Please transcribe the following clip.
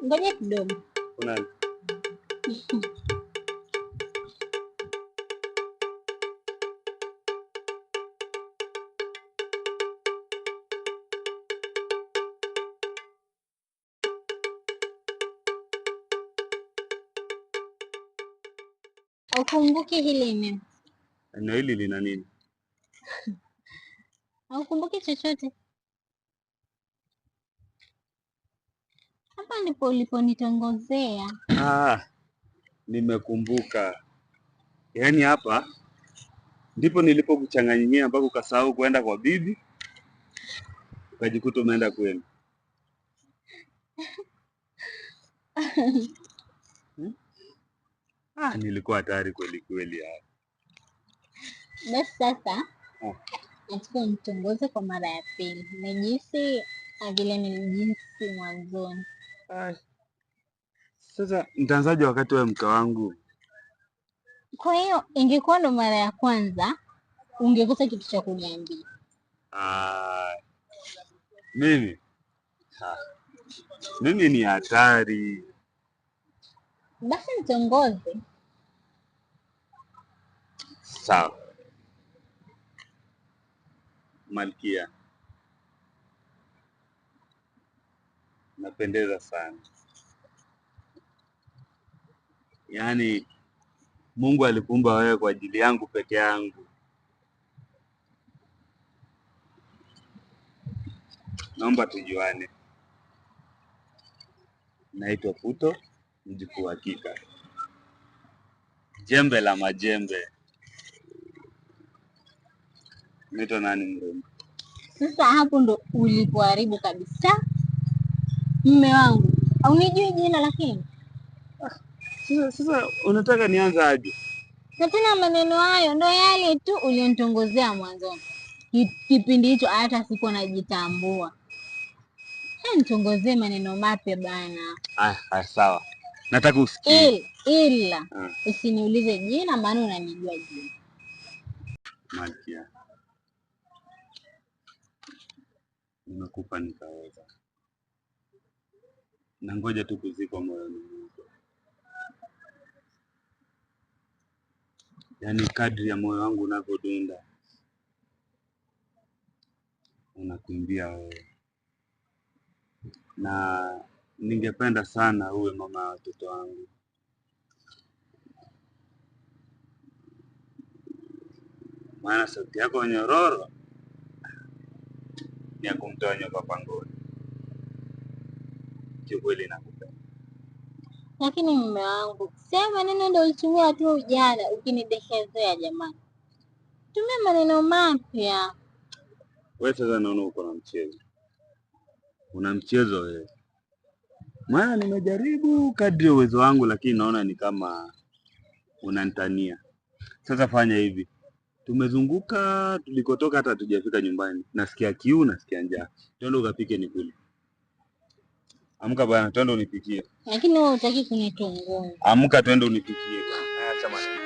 có nggaknya belum Benar. Ukumbuki hili mimi. Na hili lina nini? Haukumbuki chochote? ndipo uliponitongozea. Ah, nimekumbuka. Yaani hapa ndipo nilipokuchanganyia mpaka ukasahau kwenda kwa bibi, ukajikuta umeenda kwenu. hmm? Ah, nilikuwa hatari kweli kweli. Hapa basi sasa oh. Nataka nitongoze kwa mara ya pili, najihisi ah, vile nilijihisi mwanzoni. Sasa nitaanzaje wakati wewe mke wangu? Kwa hiyo ingekuwa ndo mara ya kwanza ungekosa kitu cha kuniambia. Mimi ah, Nini ni hatari. Basi nitongoze. Sawa, Malkia. inapendeza sana. Yaani Mungu alikuumba wewe kwa ajili yangu peke yangu. Naomba tujuane. Naitwa Puto, mjukuu wa Kika, jembe la majembe. Naitwa nani mrembo? Sasa hapo ndo ulipoharibu kabisa. Mme wangu haunijui jina, lakini ah, sasa unataka nianze aje? Na tena maneno hayo ndo yale tu ulionitongozea mwanzoni. Kipindi hicho hata sikuwa najitambua. Nitongozee maneno mapya bana. Aya, sawa, nataka usikie ila ah, usiniulize jina, maana unanijua jina. Malkia, nimekupa nikaweza na ngoja tu kuzikwa moyoni mwako. Yaani, kadri ya moyo wangu unavyodunda, unakimbia wewe, na ningependa sana uwe mama ya watoto wangu. Maana sauti yako nyororo ni ya kumtoa nyoka pangoni kiukweli nakupa. Lakini mume wangu, sema maneno ndio ulitumia tu ujana ukinidekezea. Jamani, tumia maneno mapya. Wewe sasa naona uko na mchezo, una mchezo wewe. Maana nimejaribu kadri uwezo wangu, lakini naona ni kama unanitania. Sasa fanya hivi, tumezunguka tulikotoka, hata hatujafika nyumbani. Nasikia kiu, nasikia njaa, twende ukapike nikule. Amka bwana, twende unipikie. Lakini wewe hutaki kunitongoa. Amka twende unipikie bwana. Acha bwana.